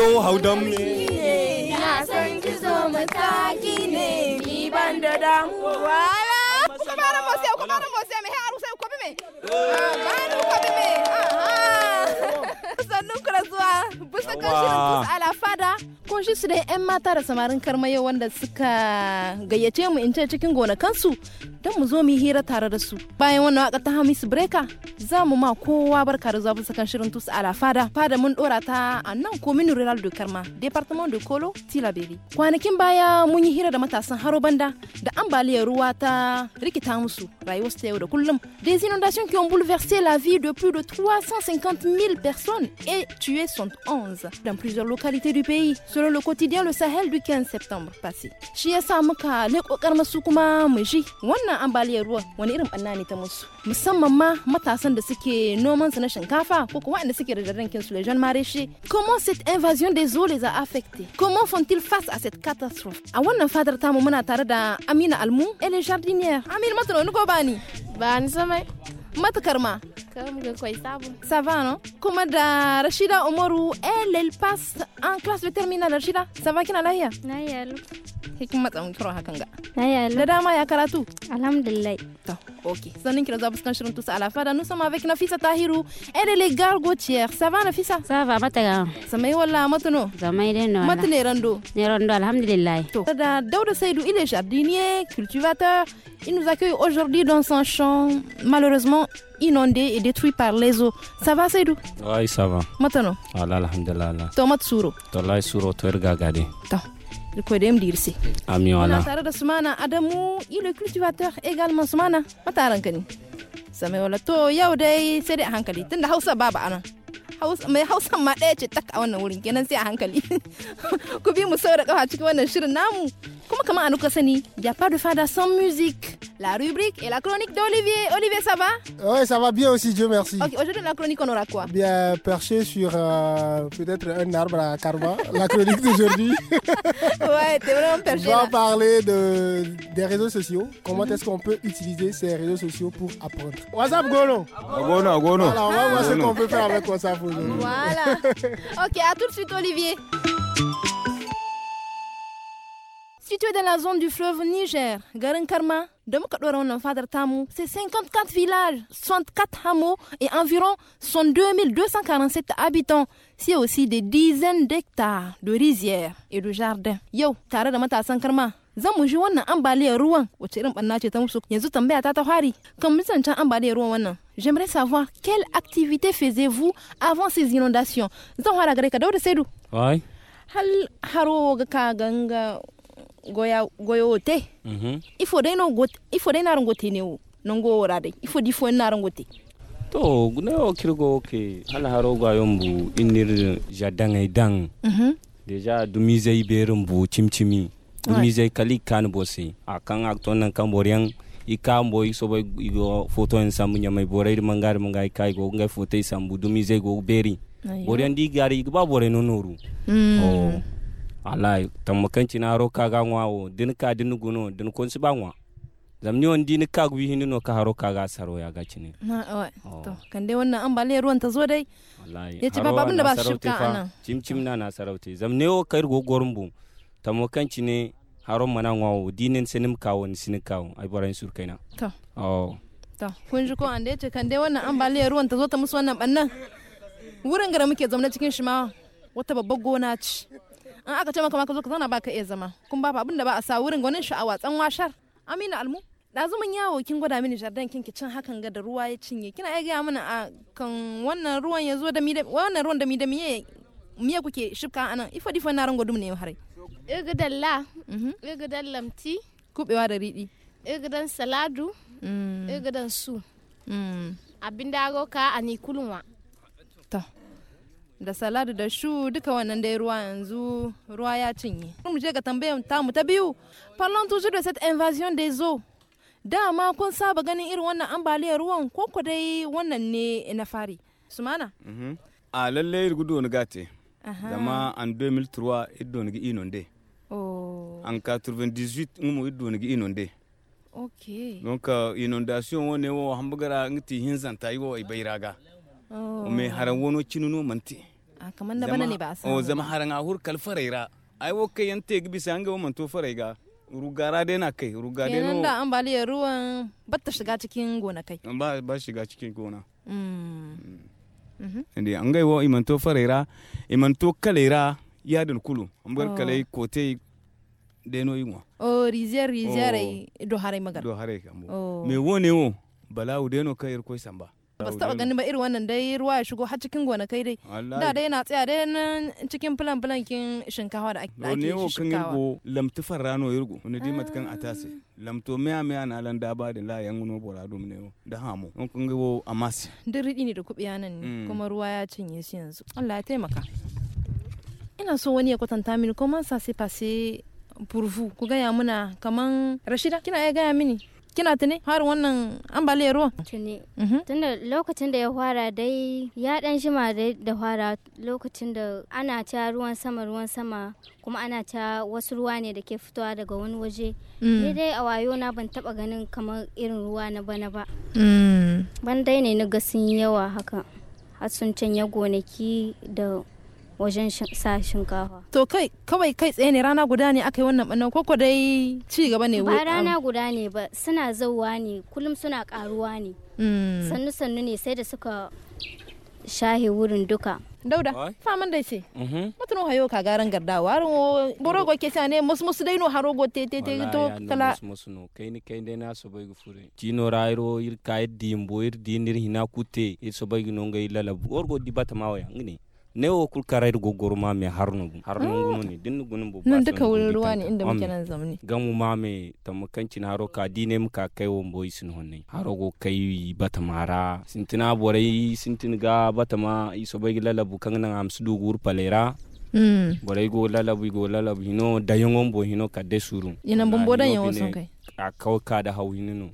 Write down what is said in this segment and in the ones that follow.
yau haudan me na san ki zo mataki ne ni ban ah, da damuwa kuma na mose kuma na mose me har sai ko bi me ba ni ko bi me sannan ku zuwa bisa kan shirin alafada kun shi su da yan mata da samarin karmayo wanda suka gayyace mu in ce cikin gonakansu don mu zo mu hira tare da su bayan wannan waka ta Hamisu Breka za mu ma kowa barka da zuwa sakan shirin tusu ala fada fada mun dora ta a nan commune rural de Karma departement de Kolo Tilaberi kwanakin baya mun yi hira da matasan Haro Banda da ambaliyar ruwa ta rikita musu rayuwarsu ta yau da kullum des inondations qui ont bouleversé la vie de plus de 350 000 personnes et tué 111 dans plusieurs localités du pays selon le quotidien Le Sahel du 15 septembre passé shi yasa muka leƙo karmasu kuma mu ji wannan wannan ambaliyar ruwan wani irin banna ne ta musu musamman ma matasan da suke noman su na shinkafa ko kuma waɗanda suke da rankin su lejon maraîchers comment cette invasion des eaux les a affectés comment font-ils face à cette catastrophe a wannan fadar tamu muna tare da Amina Almu et les jardinières Amina matano ni ko bani ba ni samai Matkarma. Ça va, non Komada Rachida Omorou, elle, elle passe en classe de terminale, Rachida. Ça va, Kina Laïa Nayal. Hikmat à Kanga? Nayal. La dama karatu Alhamdulillah. To, Ok. Sonin Kira Zabus Kanchirun tous à la fada. Nous sommes avec Nafisa Tahiru. Elle est légale Gautier. Ça va, Nafisa Ça va, Mataga. Ça m'a wala matuno. Ça m'a aidé, non. Matane Rando. Nerando, Alhamdulillah. da Daouda Seydou, il est jardinier, cultivateur. Il nous accueille aujourd'hui dans son champ. Malheureusement, sont inondées et détruites par les eaux. Ça va, Seydou Oui, ça va. Maintenant ah Voilà, alhamdulillah. Tomate souro. Tomate souro, tu es regardé. kodem dirse ami wala tare da sumana adamu ilo cultivateur également sumana mataran kani same wala to yau dai sai dai a hankali tunda hausa babu anan mai Hausa ma ɗaya ce tak a wannan wurin kenan sai a hankali ku bi mu sau da cikin wannan shirin namu Comment, comment, Anoukosani Il n'y a pas de fada sans musique. La rubrique et la chronique d'Olivier. Olivier, ça va Oui, ça va bien aussi, Dieu merci. aujourd'hui, la chronique, on aura quoi Bien, perché sur euh, peut-être un arbre à karma. la chronique d'aujourd'hui. ouais, t'es vraiment perché. On va parler de, des réseaux sociaux. Comment est-ce qu'on peut utiliser ces réseaux sociaux pour apprendre WhatsApp, Golo Gono, Gono. Alors on va voir ce qu'on peut faire avec WhatsApp aujourd'hui. Voilà. Ok, à tout de suite, Olivier. Situé dans la zone du fleuve Niger, Garenkarma, c'est 54 villages, 64 hameaux et environ 2247 habitants. C'est aussi des dizaines d'hectares de rizières et de jardins. Yo, Tara da matasan karma. Zan mu ji wannan ambaliyar ruwan wace irin banna ce ta musu yanzu tambaya ta ta fari kan ruwan wannan. J'aimerais savoir quelle activité faisiez-vous avant ces inondations. Zan fara gare ka Dauda Seydou. Wai. Hal haro ga ka ganga goya goyo te mhm ifo de no go, ifo de naron gote ne no non go wora ifo di fo gote to ne o kirgo ke hala haro ga yombu inir jadanga dang mhm deja dumize iberin bu chimchimi dumize kali kan bose ak kamboriang nan kan boryan ika mbo foto en sambu nyama ibore ir mangai kai go ngai foto sambu dumize go beri boryan di gari ba alai tam na roka kaga nwa o din ka din guno din kun su banwa zamni wani din ka gwi hin no ka haro kaga saro ya gaci ne na to kan dai wannan ambaliyar ruwan ta zo dai wallahi ci ba babin da ba shi ka anan cim na na sarauti zamne o kai go gorumbu tam kanci ne haro mana wawo, dinin sinim kawo ni sinim kawo ai boran sur kaina to oh to kun ji ko an dai ce kan dai wannan ambaliyar ruwan ta zo ta musu wannan bannan wurin gara muke zaune cikin shi ma wata babbar gona ce in aka ce maka ma ka zo ka zauna ba ka iya zama kun ba abin da ba a sa wurin gwanin sha'awa tsan washar amina almu ɗazumin yawo kin gwada mini jardin kinki cin hakan ga da ruwa ya cinye kina iya gaya mana a kan wannan ruwan ya zo da mi wannan ruwan da mi da miye miye kuke shifka anan ifa difa na rango dum ne hare ga igdan lamti kubewa da ga dan saladu mm. dan su mm. abinda ka ani kulunwa da salad da shu duka wannan dai ruwa yanzu ruwa ya cinye mu je ga tambayar tamu ta biyu parlons toujours de cette invasion des eaux dama kun saba ganin irin wannan ambaliyar ruwan ko ku dai wannan ne na fari sumana mhm. a lalle gudu wani gate dama an 2003 iddo ni inonde oh. An 98 ngumu iddo ni inonde ok donc inondation wone wo hambagara ngiti hinzanta tayi wo ibayraga oh. me haran wono cinuno manti Ah, kamar da bana ne ba a oh, zama haran a hurkal faraira ai wo kai yante gibi sai an ga mun to faraiga rugara dai na kai rugara dai no da ambaliyar ruwan ba ta shiga cikin gona kai ba ba shiga cikin gona mm. mm. mhm. ndi an ga wo iman to faraira iman to kalera yadin kulu an bar oh. kalai kote dai no yinwa o oh, riziyar riziyar do harai magar do harai kambo me wo ne wo balawu dai no kai irkoi samba ba su taɓa ganin ba irin wannan dai ruwa ya shigo har cikin gonakai dai da dai yana tsaya dai nan cikin filan filan kin shinkawa da ake shinkawa ne wo kin go lamtu farrano yurgo ne di matkan atase ah. lamto miya miya na lan da ba da la yan no borado dum ne da hamo on kan go amasi ridi ne da kubiya nan ne mm. kuma ruwa ya cinye shi yanzu Allah ya taimaka ina so wani ya kwatanta mini man sa se passé pour vous ku gaya muna kaman Rashida kina ya gaya mini kina tuni har wannan ambaliyar ruwan tuni mhm. tunda lokacin da ya fara dai ya dan shima da fara lokacin da ana ta ruwan sama ruwan sama kuma ana ta wasu ruwa ne da ke fitowa daga wani waje mm. ni dai a wayo na ban taba ganin kamar irin ruwa na bana ba mm. ban dai ne na ga sun yawa haka har sun ya gonaki da wajen sa shinkafa. To kai kawai kai tsaye ne rana guda ne aka yi wannan ɓannan koko dai ci gaba ne. Ba rana guda ne ba suna zauwa ne kullum suna karuwa ne. Hmm. Sannu sannu ne sai da suka shahe wurin duka. Dauda, faman da ce. Mm-hmm. Mutum hayo ka garan garda warin wo borogo ke sa ne musu musu dai no harogo te te te to kala. Musu musu no kai ni kai dai na so bai gu fure. Tino rairo ir kai dimbo ir dinir hina kute ir so bai gu ngai ilala borgo di bata mawa ngini. ne wo kul karai go gorma me harnu harnu mm. gunu ne din gunun bu nan duka wurin ruwa ne inda muke nan zamani gamu ma me tamakanci haro ka dine muka kai won boy sun honne haro go kai bata mara sintina borai sintin ga bata ma iso bai lalabu kan nan am su dugur palera mm. bora i go lalabu i go lalabu hino dayoŋon bo hino ka de suru ina bombo y'o sun kai a kaw ka da haw hino no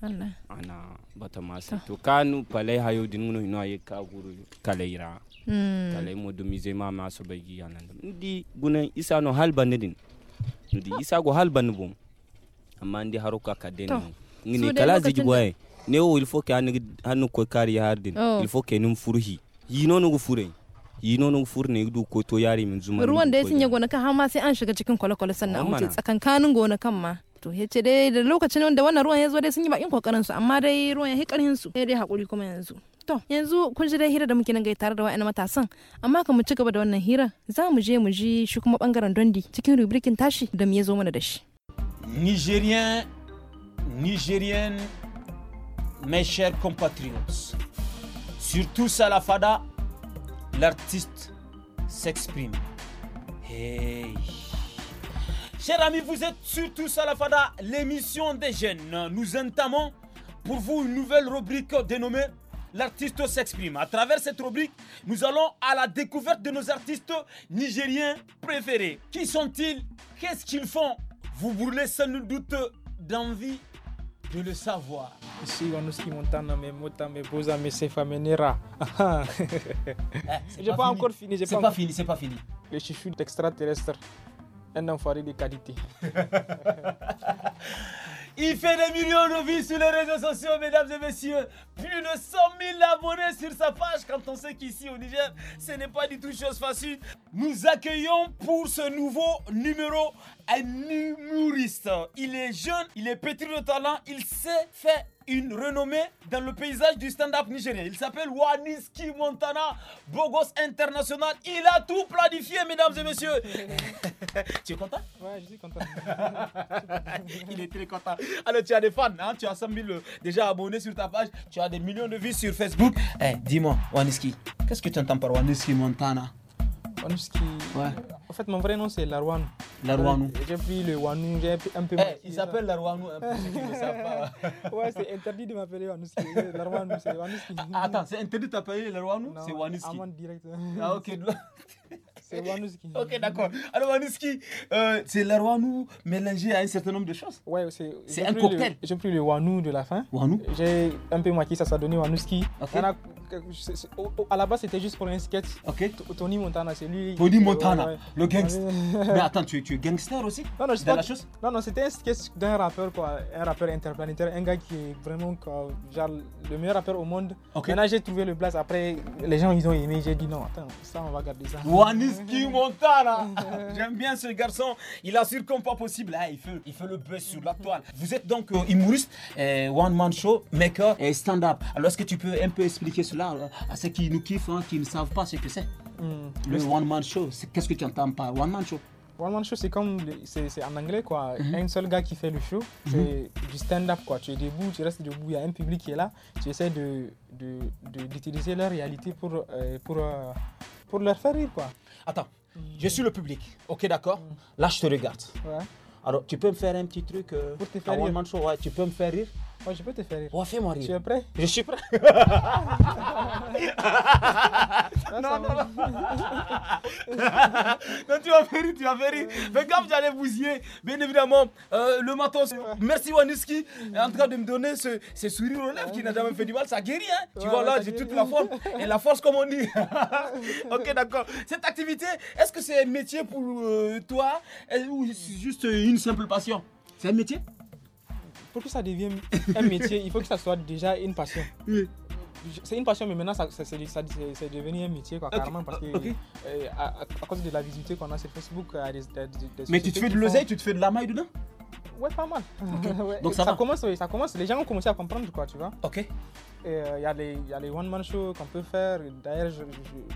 ana bata sa. to ka nu palai hayo din no hino a ka guru kalaira. Mm. Tale mo dumi zai ma ma so bagi yanan dum ndi gunan isa no halba ne din ndi ah. isa go halba ne bum amma ndi haruka ka den ngini kala ziji boye ne o il faut que an hanu ko kari hardin oh. il faut que num furhi yi no fure yi no furne du ko to yari min zuma ruwan da ya sinya gona ka hama ma sai an shiga cikin kwalokwalo sannan a wuce tsakankanin gona kan ma to ya ce dai da lokacin da wannan ruwan ya zo dai sun yi bakin kokarin su amma dai ruwan ya hikarin su sai dai hakuri kuma yanzu to yanzu kun ji dai hira da muke nan tare da wa'annan matasan amma ka mu ci gaba da wannan hira za mu je mu ji shi kuma bangaren dondi cikin rubrikin tashi da mu ya zo mana da shi nigerian nigerian mes chers compatriotes, surtout Salafada, l'artiste s'exprime. Hey! Chers amis, vous êtes sur Tous à la Fada, l'émission des jeunes. Nous entamons pour vous une nouvelle rubrique dénommée L'artiste s'exprime. À travers cette rubrique, nous allons à la découverte de nos artistes nigériens préférés. Qui sont-ils Qu'est-ce qu'ils font Vous brûlez sans nous doute d'envie de le savoir. Si on nous pas encore fini. C'est pas, pas fini. C'est pas fini. Je suis extraterrestre un enfoiré de qualité. Il fait des millions de vues sur les réseaux sociaux, mesdames et messieurs. Plus de 100 000 abonnés sur sa page. Quand on sait qu'ici au Niger, ce n'est pas du tout chose facile. Nous accueillons pour ce nouveau numéro un humoriste. Il est jeune, il est pétri de talent, il sait faire une renommée dans le paysage du stand-up nigérien. Il s'appelle Waniski Montana, Bogos international. Il a tout planifié, mesdames et messieurs. tu es content Ouais, je suis content. Il est très content. Alors, tu as des fans, hein? tu as 100 000 euh, déjà abonnés sur ta page, tu as des millions de vues sur Facebook. Eh, dis-moi, Waniski, qu'est-ce que tu entends par Waniski Montana Waniski Ouais. En fait, mon vrai nom, c'est Larwan. La Rouanou. J'ai pris le Wanou, j'ai un peu. Eh, il s'appelle Rouanou un peu, ceux ne savent pas. ouais, c'est interdit de m'appeler Wanouski. Rouanou, c'est Wanouski. Ah, attends, c'est interdit de la Rouanou C'est Wanouski. Ah, ok. c'est Wanouski. Ok, d'accord. Alors, Wanouski, euh, c'est la Rouanou mélangé à un certain nombre de choses. Ouais, c'est. C'est un cocktail. J'ai pris le Wanou de la fin. Wanou J'ai un peu maquillé, ça, ça donné Wanouski à la base, c'était juste pour un sketch. Ok. Tony Montana, c'est lui. Tony euh, Montana, le gangster. Mais attends, tu, es gangster aussi Non, non, la chose Non, non, c'était un sketch d'un rappeur, quoi. Un rappeur interplanétaire, un gars qui est vraiment, genre, le meilleur rappeur au monde. Maintenant, j'ai trouvé le place. Après, les gens, ils ont aimé. J'ai dit non, attends, ça, on va garder ça. Waniski Montana J'aime bien ce garçon. Il assure comme pas possible. Ah, il, fait, il fait le buzz sur la toile. Vous êtes donc euh, humoriste, euh, one-man show, maker et stand-up. Alors, est-ce que tu peux un peu expliquer cela euh, à ceux qui nous kiffent, hein, qui ne savent pas ce que c'est. Hmm. Le one-man show, qu'est-ce que tu entends par one-man show One Man Show, c'est comme, c'est en anglais quoi. Mhm. Un seul gars qui fait le show, mhm. c'est du stand-up quoi. Tu es debout, tu restes debout, il y a un public qui est là. Tu essaies de d'utiliser leur réalité pour euh, pour euh, pour leur faire rire quoi. Attends, hmm. je suis le public. Ok d'accord. Hmm. Là je te regarde. Alors tu peux me faire un petit truc pour te One Man Show. tu peux me faire rire. Oh, je peux te faire rire. fais-moi Tu es prêt Je suis prêt. non, non, non. non, tu vas faire rire, tu vas faire rire. Fais gaffe, j'allais aller. Bien évidemment, euh, le matos. Merci Waniski en train de me donner ce, ce sourire au lèvres qui n'a jamais fait du mal. Ça guérit, hein. Tu vois, là, j'ai toute la force. Et la force, comme on dit. ok, d'accord. Cette activité, est-ce que c'est un métier pour euh, toi ou c'est juste une simple passion C'est un métier pour que ça devienne un métier, il faut que ça soit déjà une passion. Oui. C'est une passion, mais maintenant, ça, ça, c'est devenu un métier, quoi, carrément, parce que euh, à, à, cause de la visibilité qu'on a sur Facebook, euh, des, des, Mais tu te fais de l'oseille, tu te fais de la maille dedans ouais, pas mal. Donc ça, commence, oui, ça commence. Les gens ont commencé à comprendre, quoi, tu vois. Ok. Euh, il y a les, one-man shows qu'on peut faire. D'ailleurs,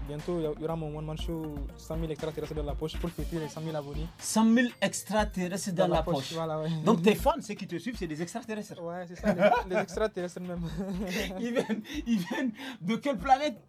bientôt, il y, aura mon one-man show 100 000 extraterrestres dans la poche pour fêter les 100 000 abonnés. 100 000 extraterrestres dans, la, poche. Donc tes fans, ceux qui te suivent, c'est des extraterrestres. Ouais, c'est ça, les, les extraterrestres même. ils, viennent, ils viennent de quelle planète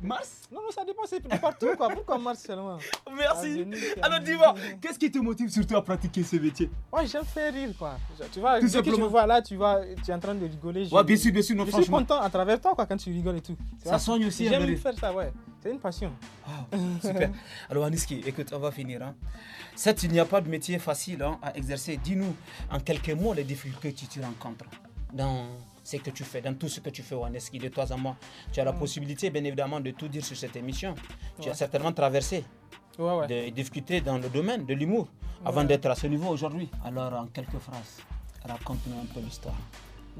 Mars Non, non, ça dépend, c'est partout quoi. Pourquoi Mars seulement Merci. Ah, Alors dis-moi, qu'est-ce qui te motive surtout à pratiquer ce métier Ouais, j'aime faire rire quoi. Tu vois, Tout Que je vois là, tu vois, tu es en train de rigoler. Je... Ouais, bien sûr, bien sûr, Je suis content à travers toi quoi quand tu rigoles et tout. Ça soigne aussi. J'aime faire ça, ouais. C'est une passion. Ah, super. Alors Aniski, écoute, on va finir. Hein. Certes, il n'y a pas de métier facile hein, à exercer. Dis-nous en quelques mots les difficultés que tu, tu rencontres dans ce que tu fais, dans tout ce que tu fais au de toi à moi. Tu as la mm. possibilité, bien évidemment, de tout dire sur cette émission. Tu as certainement traversé des difficultés dans le domaine de l'humour avant d'être à ce niveau aujourd'hui. Alors, en quelques phrases, raconte-nous un peu l'histoire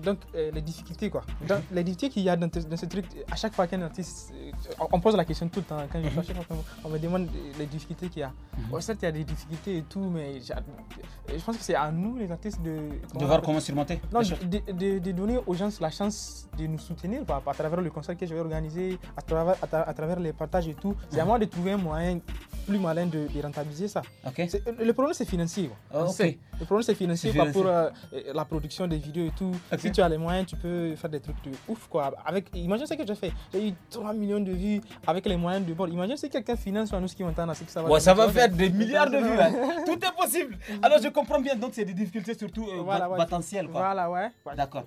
donc euh, les difficultés quoi. donc les difficultés qu'il y a dans, ce truc, à chaque fois qu'un artiste, euh, on pose la question tout le temps quand je mhm. on, me demande les difficultés qu'il y a. Mhm. Oh, certes, il y a des difficultés et tout, mais euh, je pense que c'est à nous les artistes de de voir comment surmonter. Non, de, donner aux gens la chance de nous soutenir à travers le concert que je vais organiser, à travers à, travers les partages et tout. C'est à mhm. moi de trouver un moyen plus malin de, rentabiliser ça. Le problème c'est financier. Quoi. Oh, le problème c'est financier, pour la production des vidéos et tout si tu as les moyens, tu peux faire des trucs de ouf, quoi. Avec, imagine ce que j'ai fait. J'ai eu 3 millions de vues avec les moyens de bord. Imagine si quelqu'un finance nous qui entend, c'est que ça va. faire des milliards de vues. Hein. Tout est possible. Alors, je comprends bien. Donc, c'est des difficultés surtout potentiel euh, potentielles, Voilà, ouais. D'accord.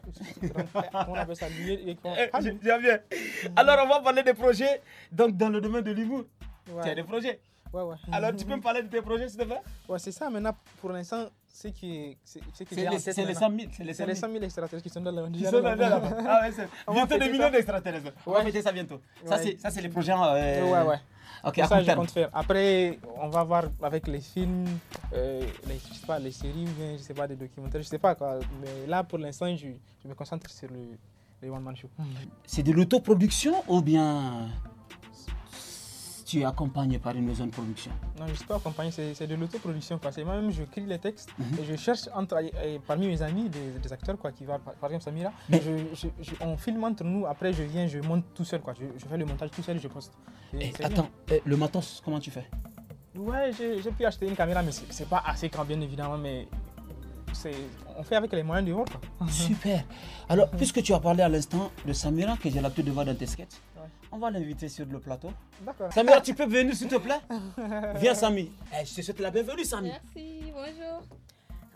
on eh, bien. Alors, on va parler des projets. Donc, dans le domaine de l'humour, tu as des projets. Ouais, ouais. Alors, tu peux me parler de tes projets, s'il te plaît Ouais, c'est ça. Maintenant, pour l'instant, c'est qui C'est les, 100 000. C'est les 100 extraterrestres qui sont dans la Qui sont dans la Ah ouais, c'est. Bientôt des millions d'extraterrestres. On va mettre ça bientôt. Ça, c'est les projets. Hein, euh, ouais, ouais. Ok, à ça, je compte faire. Après, on va voir avec les films, euh, les, je sais pas, les séries je sais pas, des documentaires, je sais pas quoi. Mais là, pour l'instant, je, je me concentre sur le, le One Man Show. C'est de l'autoproduction ou bien tu es accompagné par une maison de production Non, je ne suis pas accompagné, c'est de l'autoproduction. Moi-même, je crée les textes mhm. et je cherche entre, parmi mes amis, des, acteurs quoi, qui va, par exemple Samira, Mais... on filme entre nous, après je viens, je monte tout seul, quoi. Je, fais le montage tout seul, je poste. Et eh, attends, eh, le matos, comment tu fais Ouais, j'ai pu acheter une caméra, mais c'est pas assez grand, bien évidemment, mais c'est on fait avec les moyens du bord. Super. Alors, puisque tu as parlé à l'instant de Samira, que j'ai l'habitude de voir dans tes sketchs, on va l'inviter sur le plateau. D'accord. Samir, tu peux venir s'il te plaît Viens, Sami. Eh, je te souhaite la bienvenue, Sami. Merci, bonjour.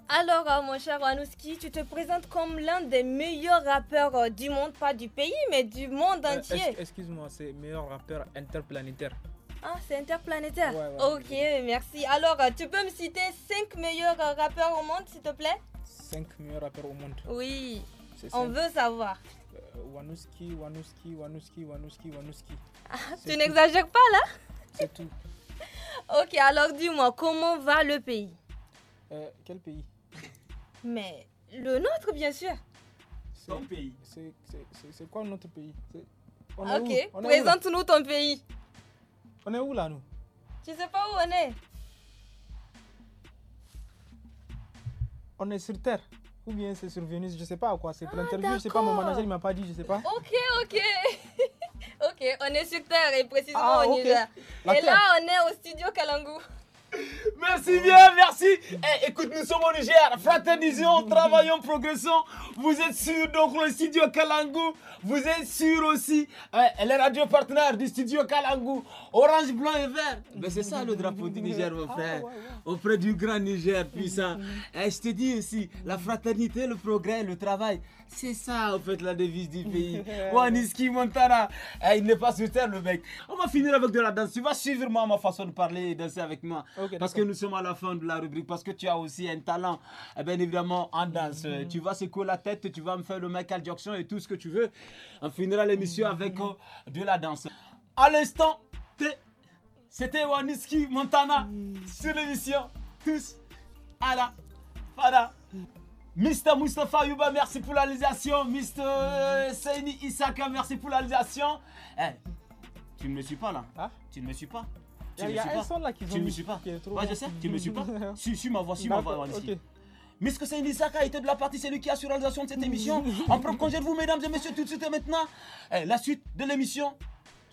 Alors, euh, mon cher Wanouski, tu te présentes comme l'un des meilleurs rappeurs euh, du monde, pas du pays, mais du monde euh, entier. Excuse-moi, c'est meilleur rappeur interplanétaire. Ah, c'est interplanétaire Ok, merci. Alors, tu peux me citer 5 meilleurs rappeurs au monde, s'il te plaît 5 meilleurs rappeurs au monde Oui, on veut savoir. Wanouski, Wanouski, Wanouski, Wanouski, Wanouski. tu n'exagères pas là C'est tout. ok, alors dis-moi, comment va le pays Quel pays Mais le nôtre, bien sûr. Ton pays. C'est quoi notre pays Ok, présente-nous ton pays. On est où là, nous Tu sais pas où on est On est sur Terre. Ou bien c'est sur Vénus, je sais pas quoi. C'est pour ah, l'interview, je sais pas, mon manager il m'a pas dit, je sais pas. Ok, ok. ok, on est sur Terre et précisément ah, on est là. et là, on est au studio Kalangu. Merci bien, merci. Eh, écoute, nous sommes au Niger. Fraternisons, travaillons, progressons. Vous êtes sur donc le studio Kalangu. Vous êtes sur aussi euh, les radio du studio Kalangu orange, blanc et vert. Mais c'est ça le drapeau du Niger, mon ah, frère. Auprès du grand Niger puissant. Mm, mm, mm. Et eh, je te dis aussi, la fraternité, le progrès, le travail, c'est ça en fait la devise du pays. Waniski Montana, eh, il n'est pas sur terre le mec. On va finir avec de la danse. Tu vas suivre moi, ma façon de parler et danser avec moi. parce que nous sommes à la fin de la rubrique, parce que tu as aussi un talent, et eh bien évidemment, en danse. Tu vas secouer la tête, tu vas me faire le Michael Jackson et tout ce que tu veux. On finira l'émission avec euh, de la danse. À l'instant, c'était Waniski Montana sur l'émission Tous à la Fada. Mr. Mustafa Yuba, merci pour l'alisation. réalisation. Mr. Seini Isaka, merci pour l'alisation. Eh, tu ne me suis pas là. Hein? Tu ne me suis pas. Tu ne me suis pas. là, qui tu ne me suis pas. Ouais, je sais, tu ne me suis pas. suis, ma voix, suis ma voix, Waniski. Okay. Mr. Isaka était de la partie, c'est lui qui a sur la de cette émission. On prend congé de vous, mesdames et messieurs, tout de suite et maintenant. Eh, la suite de l'émission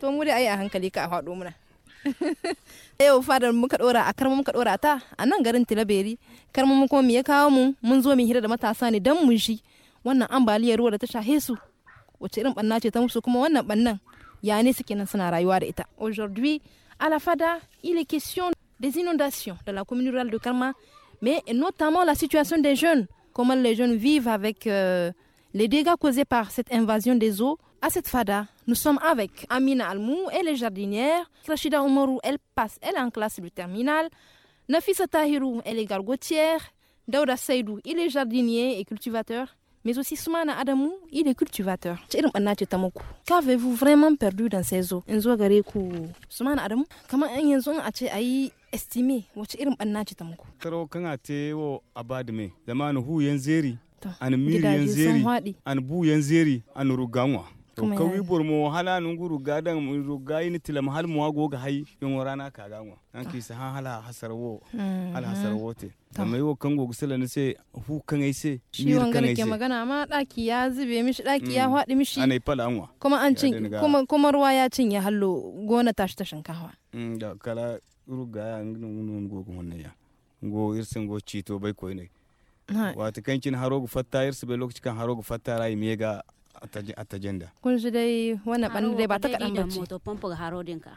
to mu dai ai a hankali ka faɗo muna yau fadar muka dora a karma muka dora ta a nan garin tilaberi karmu mu kuma me ya kawo mu mun zo mu hira da matasa ne dan mun shi wannan ambaliyar ruwa da ta shahe su wace irin banna ce ta musu kuma wannan bannan ya ne suke nan suna rayuwa da ita aujourd'hui à la fada il est question des inondations de la commune rurale de Karma mais notamment la situation des jeunes comment les jeunes vivent avec euh, les dégâts causés par cette invasion des eaux à cette fada. Nous sommes avec Amina Almou et les jardinières. Rachida Oumarou, elle passe, elle est en classe du terminal. Nafisa Tahirou, elle est gargotière. Daouda Seydou, il est jardinier et cultivateur. Mais aussi Soumana Adamou, il est cultivateur. Qu'avez-vous vraiment perdu dans ces eaux Soumana Adamou, comment est-ce que estimé wace ce ta muku karo kan an miriyan zeri an buyan zeri an ruganwa to kawi burmo hala nun guru gadan ruga ni tilam hal mu wago ga hay yon rana ka ganwa an ki sa han hala hasar wo mm-hmm. al hasar wo te amma yo kan go gusala ne se hu kan ai se shi gane ke magana amma daki ya zube mishi daki ya fadi mm. mishi anai fala anwa kuma an cin kuma kuma ruwa ya cin ya hallo gona tashi ta mm da kala ruga ya ngun ngun go ya go irsin go cito bai ko ne wata kancin haro gufatta yarsu bai lokaci kan haro gufatta rayu me ga atajenda kun ji dai wannan ɓannin dai ba ta kaɗan ba ce moto pompo ga haro dinka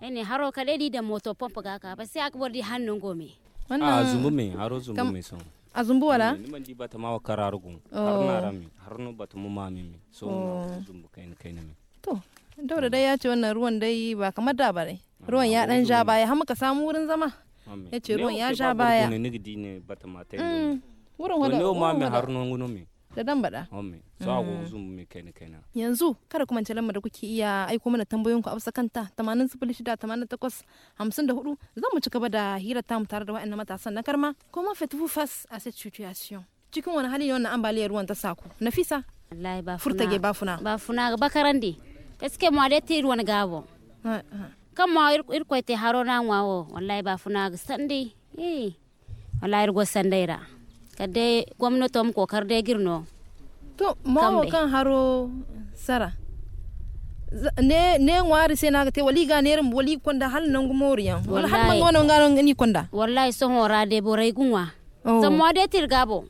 ne haro ka dai da moto pompo ga ka ba sai aka bar di hannun gome wannan a zumbu me haro zumbu me son a zumbu wala ni man di ba ta mawa karar gun har na oh. rami har no ba ta mu mami me so oh. zumbu kai ne kai ne to daura dai ya ce wannan ruwan dai ba kamar da bare ah, ruwan ya dan ja baya har muka samu wurin zama ya ce ruwan ya ja baya ne ne ba ta mata yi. Mm. wurin wada wurin ma wurin har wurin gono da dan bada homi so ago mm. zum me kai kaina yanzu kada kuma lamba da kuke iya aiko mana tambayoyin ku a bisa kanta 806854 zan mu ci gaba da hira ta mu tare da wayannan matasan na karma kuma fatifu fas a cette situation cikin wani hali ne wannan ambaliyar ruwan ta saku nafisa wallahi ba furtage ba funa ba funa ba karande eske mo de tir wani gabo kan mo ir koyte harona ngwawo wallahi bafuna ga sande eh wallahi ir go sandaira kadai gwamnatom kokar dai girno to mawo kan haro sara ne ne ngwari sai naga te wali ga ne rin wali konda hal nan gumoriyan wal hal man wono ngaron ni konda wallahi so hora de borai gunwa zamwa oh. de tirgabo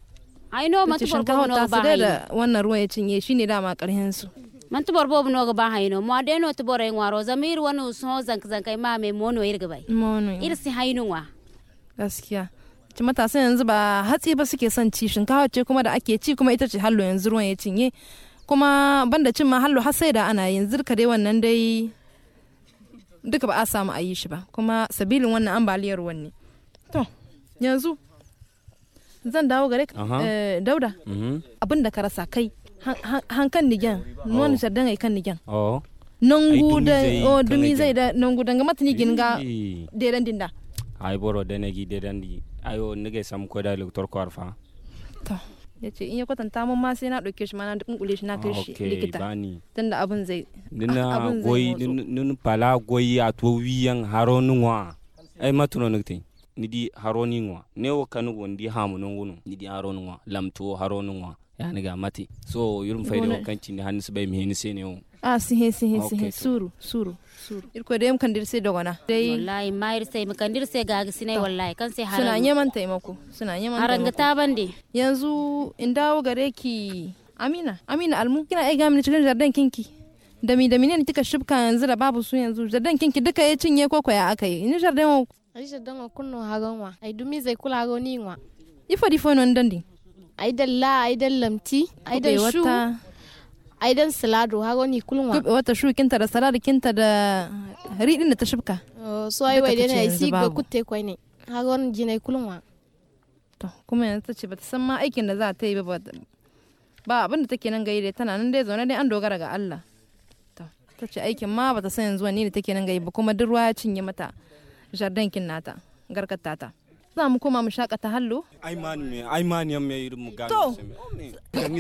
ai no matu borbo no ba da wannan ruwa ya cinye shine dama karhin su man tu borbo no ga ba hai no mo de no tu borai ngwaro zamir wani so zank zankai ma me mono irga bai mono irsi hai no wa gaskiya matasan yanzu ba hatsi ba suke son ci shinkafa ce kuma da ake ci kuma ita ce hallo yanzu ruwan ya cinye kuma banda cin ma hallo har sai da ana yin zirka dai wannan dai duka ba a samu a yi shi ba kuma sabilin wannan ambaliyar ruwan ne to yanzu zan dawo gare ka eh, dauda mhm. abin da ka rasa kai hankan nigen oh. nuna da ai kan nigen oh. nan gudan dumi zai oh, da nan gudan ga matani gin ga deran dinda ay boro da nagi da dandi ayo nige sam ko da doktor ko arfa to yace in ya kwatanta mun ma sai na dauke shi ma na dunkule shi na kai shi likita tunda abun zai nina goyi nun pala goyi a to wiyan haronin wa ai matuno nukte ni di haronin wa ne wo kanu ha mun gunu ni di haronin wa lamto haronin wa ya ni ga mate so yurum faida wakanci ni hannu su bai mihini sai ne a ah, sihe sihe sihe suru suru suru irko dem kandir sai dogona dai wallahi mayir sai mu kandir sai ga sinai wallahi kan sai haran suna neman taimako suna neman taimako haranga ta bande yanzu in dawo gare ki Amina Amina Almu kina ai ga mini cikin jardin kinki da mi da mi ne kika shibka yanzu da babu su yanzu jardin kinki duka ya cinye ko ya aka yi ni jardin ai jardin wa kunno haganwa ai dumi zai kula ga ni wa ifa difo non dandi ai dalla ai dallamti ai dan shu ai dan salado ha goni kulun wa wata shukinta da salado ta da eh, ridin da ta shibka oh, so ai wai dai si ga kutte kwai ne ha goni jinai kulun wa to kuma yanzu tace bata san ma aikin da za ta yi ba ba abin da take nan gai dai tana nan dai zaune dai an dogara ga Allah to tace aikin ma bata san yanzu ne da take nan gai ba kuma duk ruwa ya cinye mata jardin kin nata garkar ta za mu koma mu shakata hallo aiman me aiman irin mu kan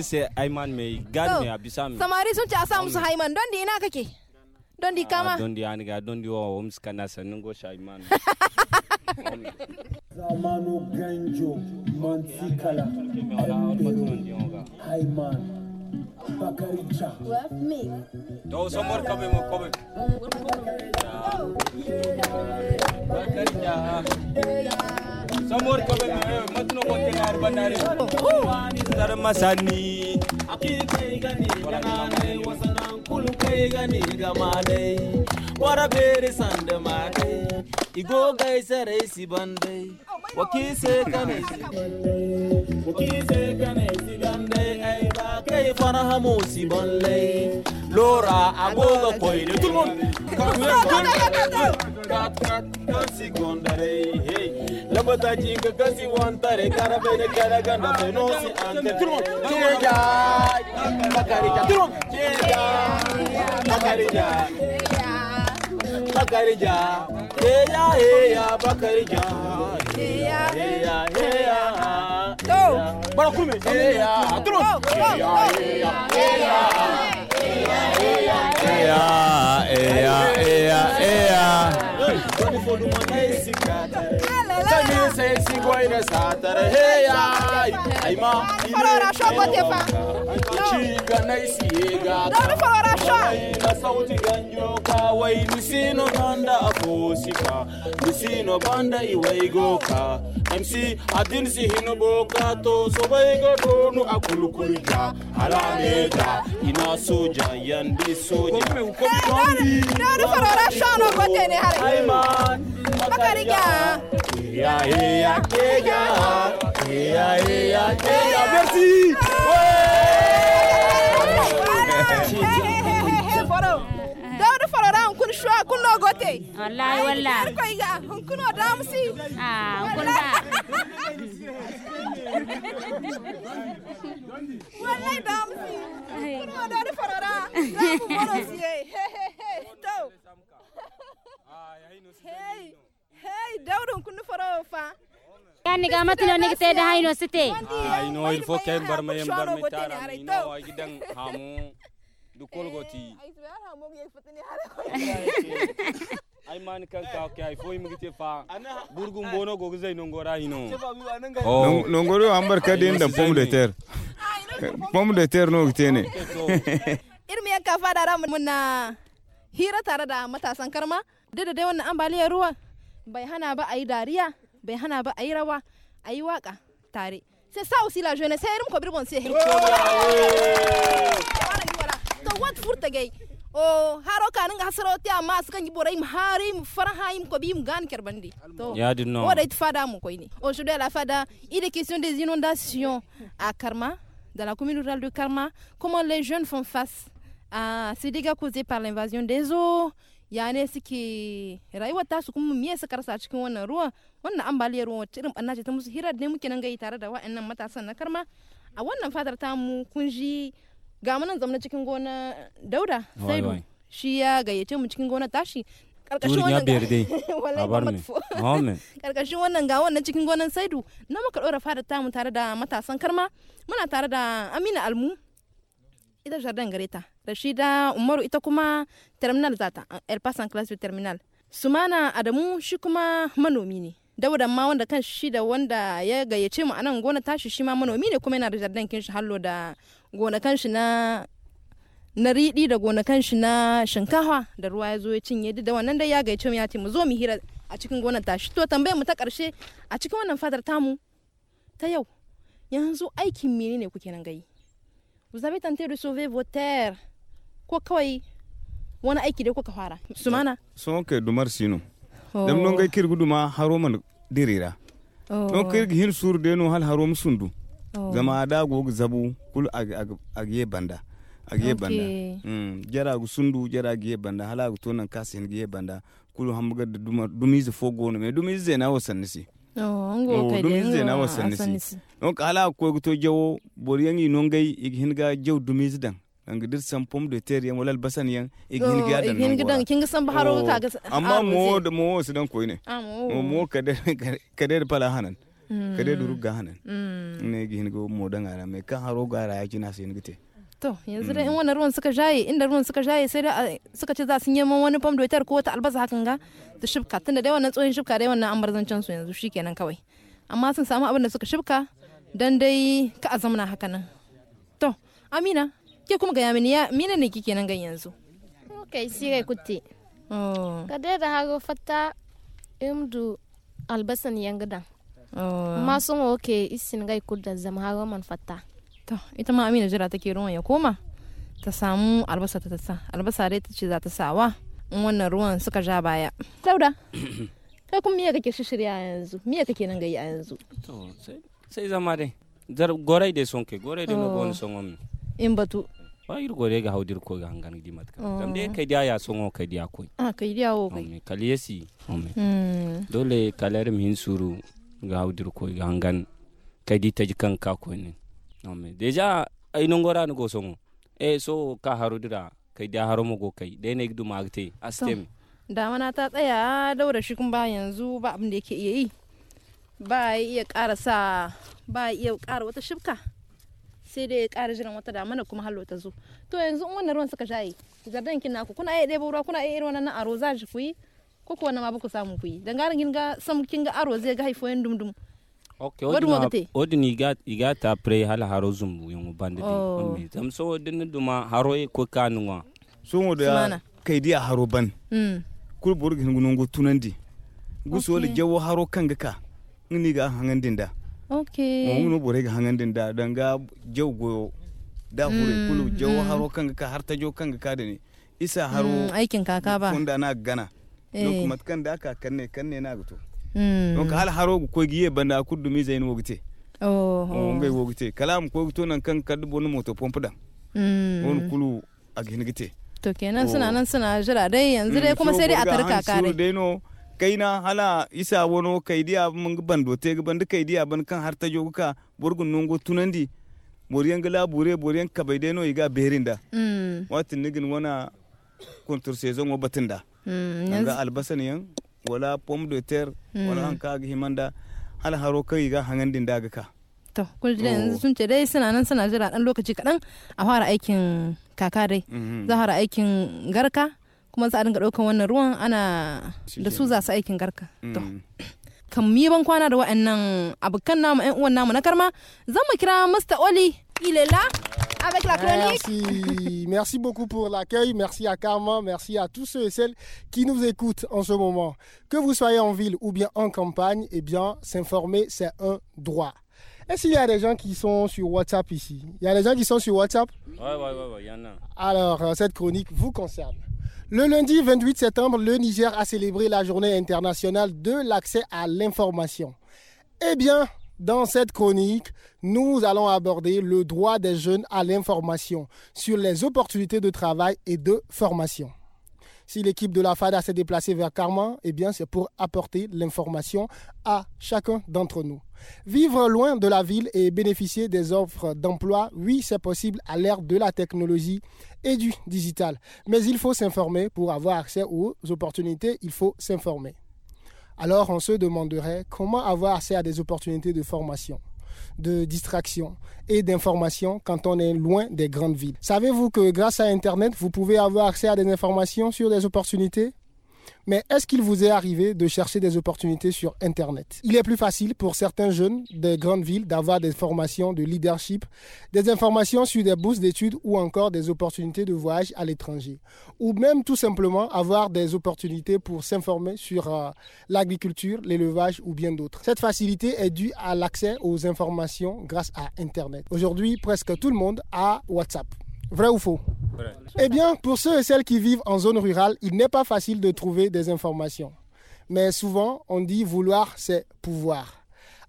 sai aiman samari sun ci a sa musu don di ina kake don di kama don di an ga don di wa kana zamanu ganjo mantikala aiman Bakaricha. Worth me. Tuh sumur kami mau kami. Bakaricha. Sumur kami mau matno mau tenar bandari. Dharma sani. Aki kaigani, yanane wasanan kulu kaigani gamalei. Warabere sandamate. Igo gaisare si bandai. Wakise kane si bandai. Wakise kane si bandai. Kay Farahamo, Sibonley, Laura, Aboga, tout le monde. gondare, hey. kasi wantare, karaganda, ante. Tout le monde. bakarija eia, eia, bakarija eia, eia, eia, to eia, eia, eia, eia, eia, eia, eia, eia, eia, eia, eia, eia, eya Say me say sing Hey ay, ay ma. Não Ia, ia, keia, ia, ia, keia, merci! Forão! Dawda fororão, kun shua, kun logote! Wallahi, wallahi! Kun koiga, Quero odamsi! Ah, kun da! Wallahi damsi! Kun odamsi fororão, ramu fororão siye! Então... Hey! hey dawdon kun faro fa yani ga matino ni te da haino site ah, haino il faut ken bar mayem bar mi tara mi no wa gidan hamu du kolgoti eh, ay sar hamu ye fatini hare ay man kan ka ke eh. oh. ay foy mugite fa burgum bono go gizai non gora hino non goro ambar kadin da pomme de terre ah, pomme de terre no gitene irmi yanka fada ramu muna hira tare da matasan karma da dai wannan ambaliyar ruwa bai hana ba a yi dariya bai hana ba a yi rawa a yi waka tare c'est ça aussi la jeunesse c'est comme bon c'est to what for the gay o haro ka nanga hasaro ti amma suka ngi boray mahari mu im ko gan kerbandi to ya di no wada it fada mu ko ini aujourd'hui à la fada il est question des inondations à Karma dans la commune rurale de Karma comment les jeunes font face à ces dégâts causés par l'invasion des eaux ya ne suke rayuwar tasu kuma miye suka rasa cikin wannan ruwan wannan ambaliyar ruwan wacce irin banna ce ta musu hirar ne muke nan gai tare da wa'annan matasan na karma a wannan fadar tamu kun ji ga munan zamna cikin gona dauda saidu shi ya gayyace mu cikin gona tashi karkashin wannan ga wannan cikin gonan saidu na muka ɗora fada tamu tare da matasan karma muna tare da amina almu ita jardin gareta Rashida Umaru ita kuma terminal zata, yar eh, pass class terminal. Sumana Adamu shi kuma manomi ne. Dauda ma wanda kan shi da wanda ya gayyace mu anan gona tashi shi ma manomi ne kuma yana da jardin kin shi hallo da kan shi na na riɗi da kan shi na shinkafa da ruwa ya zo ya cinye da wannan dai ya gayyace mu ya ce mu zo mu hira a cikin gona tashi to tambayar mu ta karshe a cikin wannan fadar tamu ta yau yanzu aikin menene kuke nan gayi vous avez tenté de sauver vos terres ko kawai wani aiki dai kuka fara sumana son kai dumar sino dan oh. don ga kirgu duma haro man dirira don oh. kirgu hin sur de no hal haro musundu oh. zama da go zabu kul ag ye banda ag ye banda hmm. jara gu sundu jara gu ye banda hala gu tonan kasin gu ye banda kul hamga duma dumar dumize fogo no me ze na wasannisi dumize na wasannisi don kala ko to jawo boriyangi non gai ighin ga jaw dumize dan nga dir san pom de terre yan walal basan yan igin ga dan igin gidan kin ga san baharo ka ga ah, amma mo da mo su dan koyi ne ah, mo mo kade kade pala hanan hmm. kade da ruga hanan hmm. ne igin go mo dan ara me kan haro ga ra yaki na sin gite to yanzu da hmm. in wannan ruwan suka jaye inda ruwan suka jaye sai da ah, suka ce za su neman wani pom de terre ko wata albasa hakan ga da shibka tunda dai wannan tsohon shibka dai wannan ambarzancan su yanzu shikenan kawai amma sun samu abin da suka shibka dan dai ka a zamana haka nan to amina ke kuma gaya mini ya mina ne kike nan gan yanzu ok sirai kutti oh. ka dai da haro fata imdu albasan yangadan oh. ma sun oke isin gai kudda zama haro man fata to ita ma amina jira take ruwan ya koma ta samu albasa ta sa albasa dai ta ce za ta sawa in wannan ruwan suka ja baya sauda kai kuma miya kake shirya yanzu miya kake nan gai a yanzu to sai zama dai gorai dai son kai gorai dai na oh. gwan son wani in batu ba yi rigore ga haudir ko ga hangan di matka kam oh. de kai dia ya songo kai dia ko ah kai dia wo kai kaliyesi hmm. dole kalar min suru ga haudir ko ga hangan kai di taji kan ka ko ne amme deja ai non gora no go songo e so ka harudira kai dia haro mo go kai de ne du magte astem damana ta tsaya daura shi kun ba yanzu ba abin da yake iya yi ba iya ƙara sa ba iya ƙara wata shibka sai dai ya ƙara jiran wata damana kuma hallo ta zo to yanzu in wannan ruwan suka shaye zardan kin naku kuna iya ɗebo ruwa kuna iya irin wannan aro za shi ku yi ko kuwa ma ba ku samu ku yi dan garin kin ga sam kin ga aro zai ga haifo yan dumdum okay ok odin iga iga ta pray hal haro zum yin bandi din oh. tam so odin duma haro e ko kanuwa so mu da kai dia haro ban hmm. kul burgin gunungu tunandi gusole wala jawo haro kanga ka ngi ga hangan dinda ok mun bore ga hangan din da dan ga jau goyo da hure mm, kulu jau mm. haro kan ka har ta jau kanga ka da ne isa haro mm, aikin kaka ba kunda na gana don eh. kuma kan da aka kan ne na gato don ka hal haro ko giye banda kuddu mi zain wogite oh, oh. ngai wogite kalam ko to nan kan kad bonu moto pompa dan mun kulu a gine gite to kenan oh. suna nan suna jira dai yanzu dai kuma sai dai a tarka kare dai no kaina hala isa kai kaidiya mun ban dote ban da diya ban kan har ta joguka burgun nungo tunandi boriyan gala bure boriyan bai no iga berin da mm. watin nigin wana kuntur saison wa batinda da mm, nga albasan yan wala pom de mm. wala an ka ga himanda hala haro kai ga din daga ka to kul da oh. yanzu sun ce dai suna nan suna jira dan lokaci kadan a fara aikin kaka dai mhm. za fara aikin garka kuma Merci. beaucoup pour l'accueil. Merci à Karma. Merci à tous ceux et celles qui nous écoutent en ce moment. Que vous soyez en ville ou bien en campagne, eh bien, s'informer, c'est un droit. Est-ce qu'il y a des gens qui sont sur WhatsApp ici Il y a des gens qui sont sur WhatsApp Ouais, ouais, ouais, il y en a. Alors, euh, cette chronique vous concerne. Le lundi 28 septembre, le Niger a célébré la journée internationale de l'accès à l'information. Eh bien, dans cette chronique, nous allons aborder le droit des jeunes à l'information sur les opportunités de travail et de formation. Si l'équipe de la FADA s'est déplacée vers Carman, eh bien c'est pour apporter l'information à chacun d'entre nous. Vivre loin de la ville et bénéficier des offres d'emploi, oui, c'est possible à l'ère de la technologie et du digital. Mais il faut s'informer pour avoir accès aux opportunités, il faut s'informer. Alors on se demanderait comment avoir accès à des opportunités de formation de distraction et d'information quand on est loin des grandes villes. Savez-vous que grâce à Internet, vous pouvez avoir accès à des informations sur des opportunités mais est-ce qu'il vous est arrivé de chercher des opportunités sur Internet Il est plus facile pour certains jeunes des grandes villes d'avoir des formations de leadership, des informations sur des bourses d'études ou encore des opportunités de voyage à l'étranger. Ou même tout simplement avoir des opportunités pour s'informer sur euh, l'agriculture, l'élevage ou bien d'autres. Cette facilité est due à l'accès aux informations grâce à Internet. Aujourd'hui, presque tout le monde a WhatsApp. Vrai ou faux eh bien, pour ceux et celles qui vivent en zone rurale, il n'est pas facile de trouver des informations. Mais souvent, on dit vouloir, c'est pouvoir.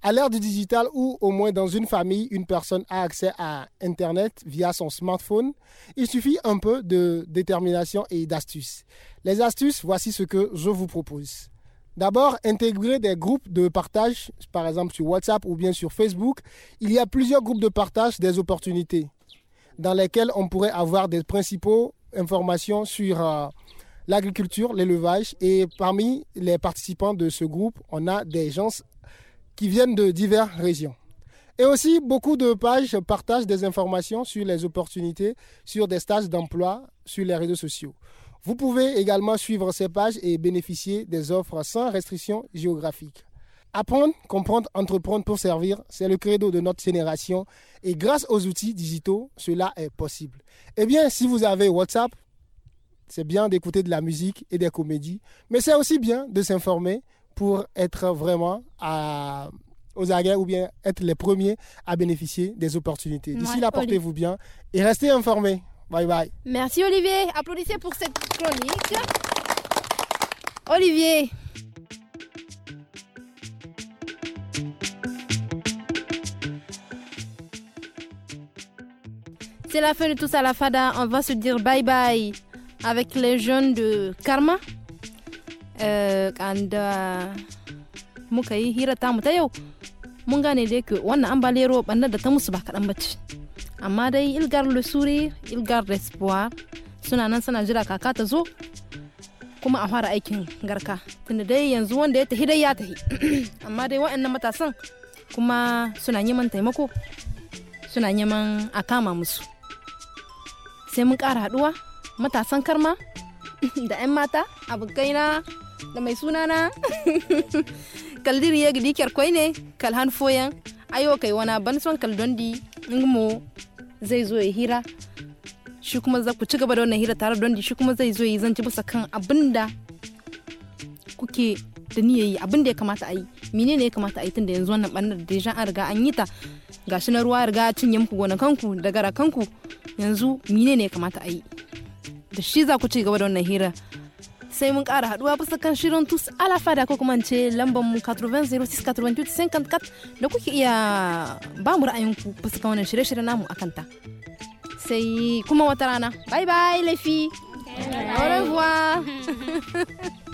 À l'ère du digital où au moins dans une famille, une personne a accès à Internet via son smartphone, il suffit un peu de détermination et d'astuces. Les astuces, voici ce que je vous propose. D'abord, intégrer des groupes de partage, par exemple sur WhatsApp ou bien sur Facebook. Il y a plusieurs groupes de partage des opportunités dans lesquels on pourrait avoir des principaux informations sur euh, l'agriculture, l'élevage. Et parmi les participants de ce groupe, on a des gens qui viennent de diverses régions. Et aussi, beaucoup de pages partagent des informations sur les opportunités, sur des stages d'emploi sur les réseaux sociaux. Vous pouvez également suivre ces pages et bénéficier des offres sans restriction géographique. Apprendre, comprendre, entreprendre pour servir, c'est le credo de notre génération. Et grâce aux outils digitaux, cela est possible. Eh bien, si vous avez WhatsApp, c'est bien d'écouter de la musique et des comédies, mais c'est aussi bien de s'informer pour être vraiment à, aux aguets ou bien être les premiers à bénéficier des opportunités. D'ici là, portez-vous bien et restez informés. Bye bye. Merci Olivier. Applaudissez pour cette chronique. Olivier, C'est la fin de tout ça, la fada. On va se dire bye bye avec les jeunes de Karma. Euh, Kanda muka yi hira tamu ta mon mun gane dai ke wannan ambalero bannar da ta musu ba kaɗan bace amma dai garde le sourire garde l'espoir suna nan suna jira kaka ta zo kuma a fara aikin garka tunda dai yanzu wanda ya tahi dai ya tahi amma dai waɗannan matasan kuma suna neman taimako suna neman a kama musu sai mun ƙara haɗuwa matasan karma da 'yan mata abokaina da mai sunana kaldir ya gidi kyarkwai ne kalhan foyan ayo kai wana ban son kaldondi di zai zo ya hira shi kuma za ku ci gaba da wannan hira tare dondi shi kuma zai zo ya zanci bisa kan abin da kuke da niyyayi abin da ya kamata a yi menene ya kamata a yi tun da yanzu wannan ɓannar da an riga an yi ta shi na ruwa riga cinye muku gonakanku da garakanku yanzu mine ne kamata a yi da shi za ku ci gaba da wannan hira sai mun kara haduwa bisa kan shirin tus alafada ko kuma ce lambar mu 40688 da kuke iya ba mu ra'ayinku bisa kan wannan shirye-shirye namu akan ta sai kuma wata rana bye bye lafi au revoir